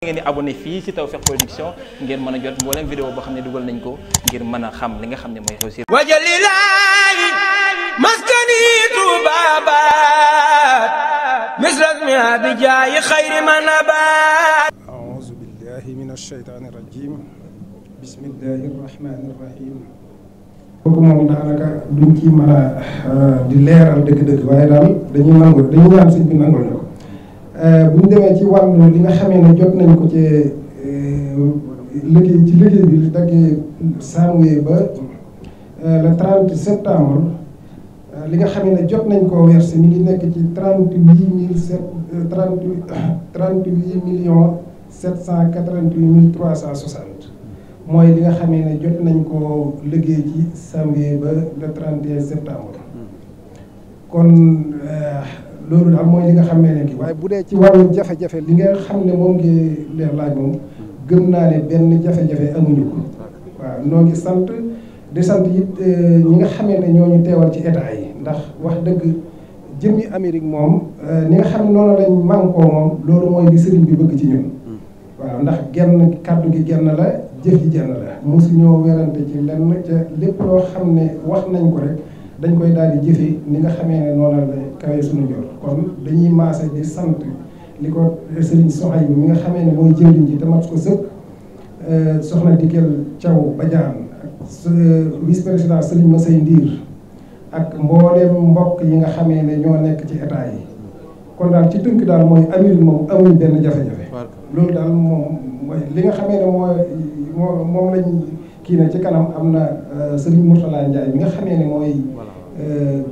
ngeen di abonné fii ci Tawfekh Production ngeen mën a jot mboolem vidéo boo xam ne dugal nañ ko ngir mën a xam li nga xam ne mooy xew ci wajalilaahi maskani tubabat misras mi abijaayi xayri man abaat a'uuzu min a ah, di leeral dëgg-dëgg waaye Euh, bu ñu demee ci wàllu li nga xamee ne jot nañ ko ci euh, liggéey ci liggéey bi daggee janvier ba euh, le 30 li nga xamee ne jot nañ koo versé mi ngi nekk ci trente huit mille sept trente trente huit millions sept cent quatre vingt huit trois cent soixante mooy li nga xamee ne jot nañ ko liggéey ci janvier ba le 31 septembre hmm. kon. loolu daal mooy li nga xam ne kii waaye bu dee ci warul jafe-jafe li nga xam ne moom ngi leer laaj moom gën naa ne benn jafe-jafe amuñu ko waaw noo ngi sant di sant it eh, ñi nga xamee ne ñoo ñu teewal ci état yi ndax wax dëgg jëmmi Amérique moom eh, ni nga xam noonu lañ mànkoo moom loolu mooy li sëriñ bi bëgg ci ñun waaw ndax genn kàddu gi genn la jëf ji genn la mosu ñoo werante ci lenn ca lépp loo xam ne wax nañ ko rek dañ koy daal di jëfee ni nga xamee ne noonu la kawe suñu jor kon dañuy maase bi sant li ko sëriñ soxay bi mi nga xamee ne mooy jëwriñ ji te mat ko sëkk euh, soxna Dikel Thiaw Badiane ak euh, vice président sëriñ Masay Ndiir ak mbooleem mbokk yi nga xamee ne ñoo nekk ci état yi kon daal ci tënk daal mooy amul moom amul benn jafe-jafe loolu daal moom li nga xamee ne moom lañ kii ne ci kanam am na euh, sëriñ Mourtala Ndiaye mi nga xamee ne mooy Euh,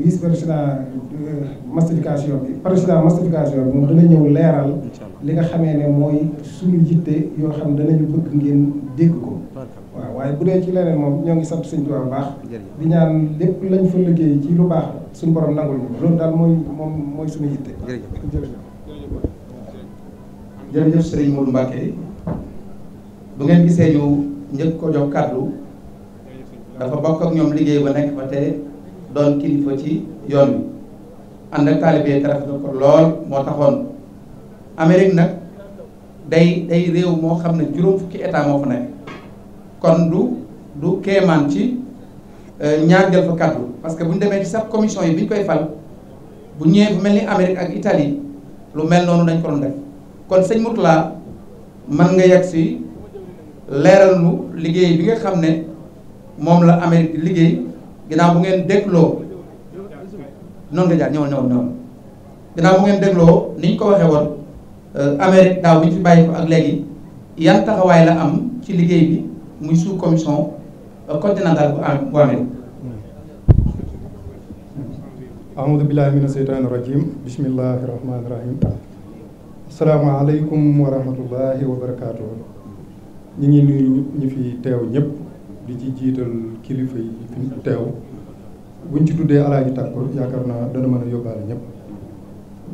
vice président euh, massification bi président massification bi moom dana ñëw leeral li nga xamee ne mooy suñu yitte yoo xam ne danañu bëgg ngeen dégg ko waaw waaye bu dee ci leneen moom ñoo ngi sant sëñ Tuubaa baax bi ñaan lépp lañ fa liggéey ci lu baax suñu borom nangul ñu loolu daal mooy moom mooy suñu yitte jërëjëf sëriñ Modou Mbacké bu ngeen gisee ñu njëkk ko jox kàddu dafa bokk ak ñoom liggéey ba nekk ba tey doon kilifa ci yoon bi ànd ak taalibe te rafetlu ko lool moo taxoon Amérique nag day day réew moo xam ne juróom fukki état moo fa nekk kon du du keemaan ci euh, ñaar jël fa kàddu parce que bu ñu demee ci sax commission yi bi ñu koy fal bu ñëwee mel ni Amérique ak Italie lu mel noonu dañ ko doon def kon sëñ Mourtala man nga yegg si leeral nu liggéey bi nga xam ne moom la Amérique liggéey. ginnaaw bu ngeen dégloo noonu nga jaar ñëwal ñëwal ñëwal ginnaaw bu ngeen dégloo ni ñu ko waxee woon euh, Amérique daaw bi ñu fi bàyyi ko ak léegi yan taxawaay la am ci liggéey bi muy suuf commission euh, continentale nga bu Amérique. aoudu billahi mina seytaani rajim bismillahi rahmaani rahim asalaamaaleykum wa rahmatullahi wa barakaatu ñu ngi nuyu ñu fi teew ñëpp. di ci jiital kilifa yi fi teew buñ ci duddee alaaji tàkkoor yaakaar naa dana mën a yóbbaale ñëpp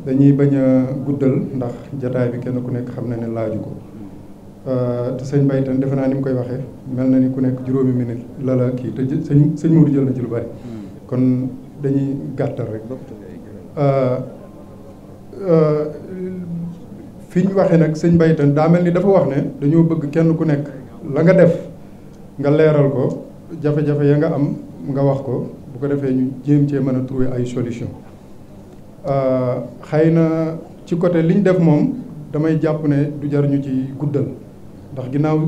dañuy bañ a guddal ndax jataay bi kenn ku nekk xam na ne laaju ko euh, te sëñ Mbaye defe naa ni mu koy waxee mel na ni ku nekk juróomi minute la la kii te sëñ sëñ jël ci lu bari kon dañuy gàttal rek euh, euh, fi ñu waxee nag sëñ Mbaye daa mel ni dafa wax ne dañoo bëgg kenn ku nekk la nga def nga leeral ko jafe-jafe ya nga am nga wax ko bu ko defee ñu jéem cee mën a trouver ay solution euh, xëy na ci côté liñ def moom damay jàpp ne du jar ñu ci guddal ndax ginnaaw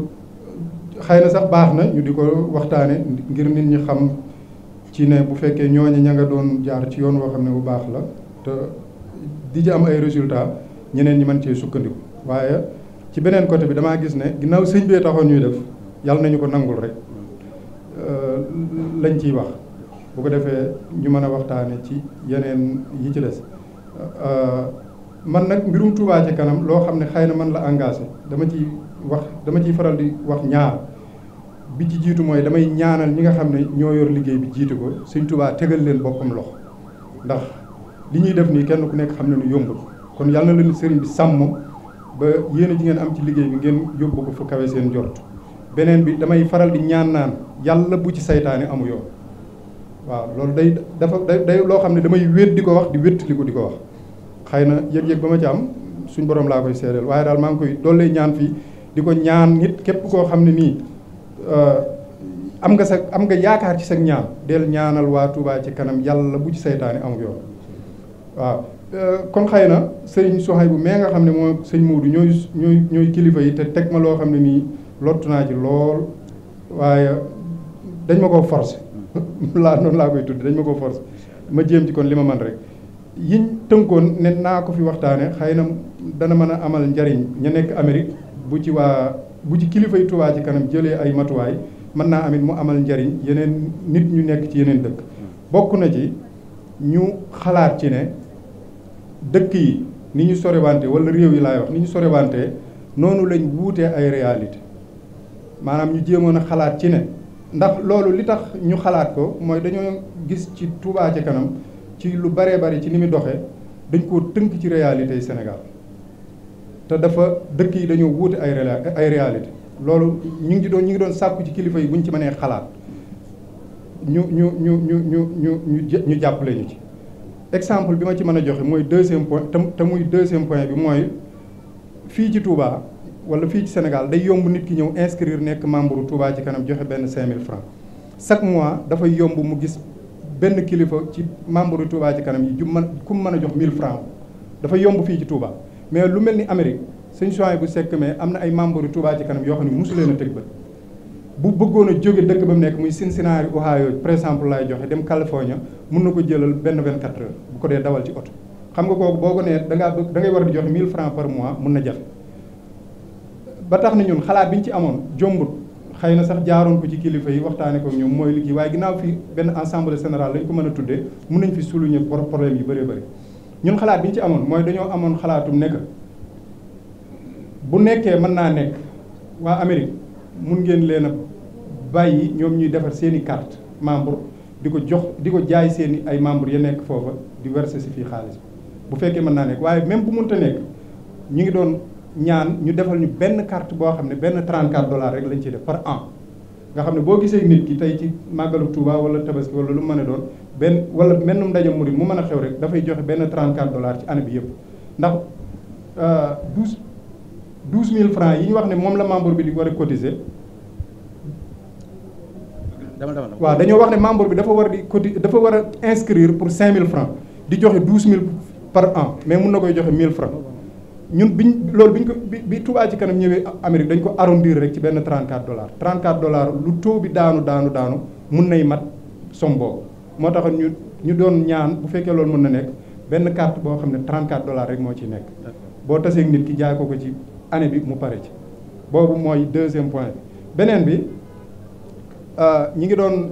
xëy na sax baax na ñu di ko waxtaane ngir nit ñi xam ci ne bu fekkee ñooñu ña nga doon jaar ci yoon woo xam ne bu baax la te di ci am ay résultat ñeneen ñi mën cee sukkandiku waaye ci beneen côté bi damaa gis ne ginnaaw sëñ bee taxoon ñuy def yàlla nañu ko nangul rek lañ ciy wax bu ko defee ñu mën a waxtaane ci yeneen yi ci des man nag mbirum Touba ci kanam loo xam ne xëy na man la engagé dama ciy wax dama ciy faral di wax ñaar bi ci jiitu mooy damay ñaanal ñi nga xam ne ñoo yor liggéey bi jiitu ko Sëñ Touba tegal leen boppam loxo ndax li ñuy def nii kenn ku nekk xam ne lu yombul kon yàlla na leen sëriñ bi sàmm ba yéen ji ngeen am ci liggéey bi ngeen yóbbu ko fu kawe seen jort beneen bi damay faral di ñaan naan yàlla bu ci saytaane amu yoon waaw loolu day dafa day loo xam ne damay wét di ko wax di wéttali ko di ko wax xëy na yëg-yëg ba ma ci am suñ borom laa koy seedeel waaye daal maa ngi koy doollee ñaan fii di ko ñaan nit képp koo xam ne nii euh, am nga sa am nga yaakaar ci sa ñaan del ñaanal waa Touba ci kanam yàlla bu ci saytaane amu yoon waaw euh, kon xëy na sëriñ Soxay bu mais nga xam ne moo sëñ Moodu ñooy ñooy ñooy kilifa yi te teg ma loo xam ne nii lottu naa ci lool waaye dañ ma koo forcé laa noonu laa koy tudd dañ ma koo forcé ma jéem ci kon li ma man rek yiñ tënkoon ne naa ko fi waxtaane xëy na dana mën a amal njariñ ña nekk Amérique bu ci waa bu ci kilifay Touba ci kanam jëlee ay matuwaay mën naa amit mu amal njariñ yeneen nit ñu nekk ci yeneen dëkk bokk na ci ñu xalaat ci ne dëkk yi ni ñu sorewante wala réew yi laay wax ni ñu sorewante noonu lañ wuutee ay réalité maanaam ñu jéemoon na xalaat ci ne ndax loolu li tax ñu xalaat ko mooy dañoo gis ci Touba ca kanam ci lu baree bari ci ni mu doxee dañ koo tënk ci réalité Sénégal te dafa dëkk yi dañoo wuute ay ay réalité loolu ñu ngi doon ñu ngi doon sàkku ci kilifa yi buñ ci mënee xalaat ñu ñu ñu ñu ñu ñu ñu jàppale ñu ci exemple bi ma ci mën a joxe mooy deuxième point te muy deuxième point bi mooy fii ci tuubaa wala fii ci Sénégal day yomb nit ki ñëw inscrire nekk membre Touba ci kanam joxe benn 5000 francs chaque mois dafa yomb mu gis benn kilifa ci membre Touba ci kanam yi ju mën ku mën a jox 1000 francs dafa yomb fii ci Touba mais lu mel ni Amérique suñ choix bu sekk mais am na ay membre Touba ci kanam yoo xam ne mosu leen a tëg ba bu bëggoon a jóge dëkk ba mu nekk muy Cincinnati Ohio par exemple laay joxe dem California mun na ko jëlal benn 24 heures bu ko dee dawal ci oto xam nga kooku boo ko nee da ngaa da ngay war di joxe 1000 francs par mun na jafe ba tax na ñun xalaat bi ñu ci amoon jombut xëy na sax jaaroon ko ci kilifa yi waxtaane ko ñoom mooy liggéey waaye ginnaaw fi benn assemblée générale lañ ko mën a tuddee mun nañ fi souligner problème yi bëree bëri ñun xalaat bi ñu ci amoon mooy dañoo amoon xalaatum nekk bu nekkee mën naa nekk waa Amérique mun ngeen leen a bàyyi ñoom ñuy defar seeni i carte membre di ko jox di ko jaay seen i ay membre ya nekk foofa di verser si fii xaalis bu fekkee mën naa nekk waaye même bu munta nekk ñu ngi doon ñaan ñu defal ñu benn carte boo xam ne benn 34 dollars rek lañ ci def par an nga xam ne boo gisee nit ki tey ci màggalu Touba wala tabaski wala lu mu mën a doon benn wala mennum ndaje murid mu mën a xew rek dafay joxe benn 34 dollars ci année bi yëpp ndax 12 euh, mille francs yi ñu wax ne moom la membre bi di war a cotiser. waa dañoo wax ne membre bi dafa war di coti dafa war a pour pour mille francs di joxe 12000 par an mais mun na koy joxe 1000 francs ñun biñ loolu biñ ko bi Touba ci kanam ñëwee Amérique dañ ko arrondir rek ci benn 34 dollars 34 dollars lu taux bi daanu daanu daanu mun nay mat somme moo tax ñu ñu doon ñaan bu fekkee loolu mën na nekk benn carte boo xam ne 34 dollars rek moo ci nekk. boo taseeg nit ki jaay ko ko ci année bi mu pare ci boobu mooy deuxième point beneen bi euh, ñi ngi doon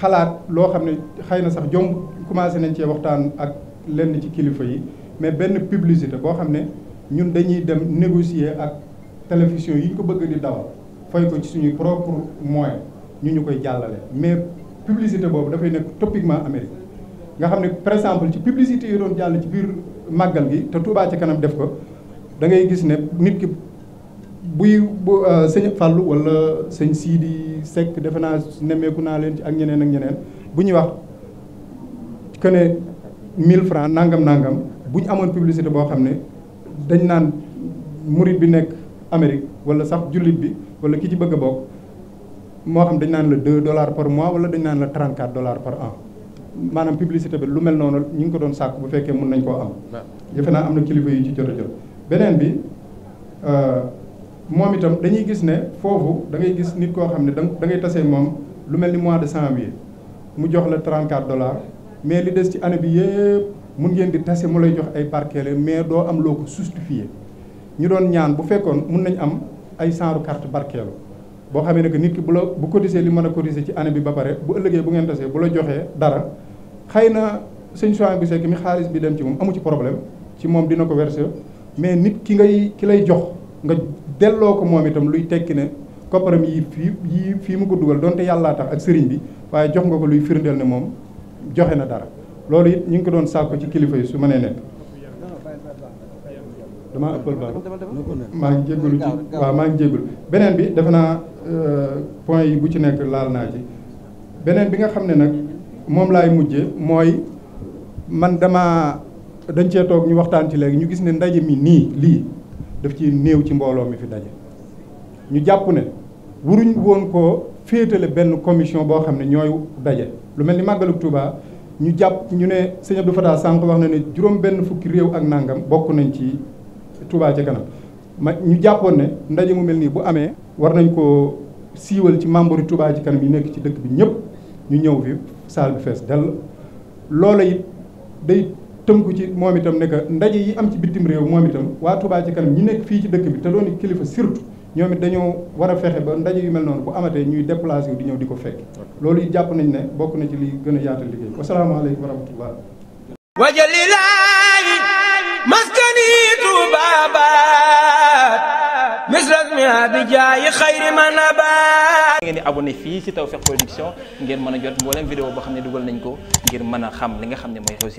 xalaat loo xam ne xëy na sax jomb commencé nañ cee waxtaan ak. lenn ci kilifa yi mais benn publicité boo xam ne ñun dañuy dem négocier ak télévision yi ñu ko bëgg di dawal fay ko ci suñuy propre moyen ñu ñu koy jàllale mais publicité boobu dafay nekk topiquement Amérique nga xam ne par exemple ci publicité yi doon jàll ci biir màggal gi te Touba ci kanam def ko da ngay gis ne nit ki buy bu euh, sëñ Fallou walla sëñ Sidi Seck defe naa nemmeeku naa leen ci ak ñeneen ak ñeneen bu ñuy wax que mille francs nangam nangam bu ñu amoon publicité boo xam ne dañ naan murit bi nekk Amérique wala sax jullit bi wala ki ci bëgg a bokk moo xam dañ naan la 2 dollars par mois wala dañ naan la 34 dollars par an maanaam publicité bi lu mel noonu ñu ngi ko doon sàkk bu fekkee mun nañ koo am. defe naa am na kilifa yu ci jot a jot. beneen bi euh, moom itam dañuy gis ne foofu da ngay gis nit koo xam ne da ngay tasee moom lu mel ni mois de janvier mu jox la 34 dollars. mais li des ci année bi yëpp mun ngeen di tase mu lay jox ay parquet mais doo am loo ko justifié ñu doon ñaan bu fekkoon mun nañ am ay saaru carte barkeelu boo xamee ne que nit ki bu la bu cotisé li mën a cotisé ci année bi ba pare bu ëllëgee bu ngeen tasee bu la joxee dara xëy na sëñ soin bi sekk mi xaalis bi dem ci moom amu ci problème ci moom dina ko versé mais nit ki ngay ki lay jox nga delloo ko moom itam luy tekki ne kopparam yi fii yii fii mu ko dugal donte yàllaa ak sëriñ bi waaye jox nga ko luy firndeel ne moom joxe na dara loolu it ñu ngi ko doon sàkku ci kilifa yi su mënee nekk dama ëppal ba maa ngi jégalu ci waaw maa ngi jégalu beneen bi defe naa euh, point yi bu ci nekk laal naa ci beneen bi nga xam ne nag moom laay mujje mooy man dama dañ cee toog ñu waxtaan ci léegi ñu gis ne ndaje mi nii lii daf ci néew ci mbooloo mi fi daje ñu jàpp ne wuruñ woon ko féetale benn commission boo xam ne ñooy daje lu mel ni màggalug Touba ñu jàpp ñu ne sëñ Abdou Fatah sànq wax na ne juróom benn fukki réew ak nangam bokk nañ ci Touba ca kanam ñu jàppoon ne ndaje mu mel nii bu amee war nañ koo siiwal ci membre yi Touba ci nekk ci dëkk bi ñëpp ñu ñëw fi salle bi fees dell loola it day tënku ci moom itam ne que ndaje yi am ci bitim réew moom itam waa Touba ci kanam ñi nekk fii ci dëkk bi te doon kilifa surtout ñoom it dañoo war a fexe ba ndaje yi mel noonu bu amatee ñuy déplacé wu di ñëw di ko fekk loolu it jàpp nañ ne bokk na ci li gën a yaatal liggéey bi wasalaamaaleykum wa rahmatullah wajalilaayi maskanitu baabaat misras mi abijaayi xayri man abaat ngeen di abonné fii ci Tawfekh Production ngeen mën a jot mboolem vidéo boo xam ne dugal nañ ko ngir mën a xam li nga xam ne mooy xew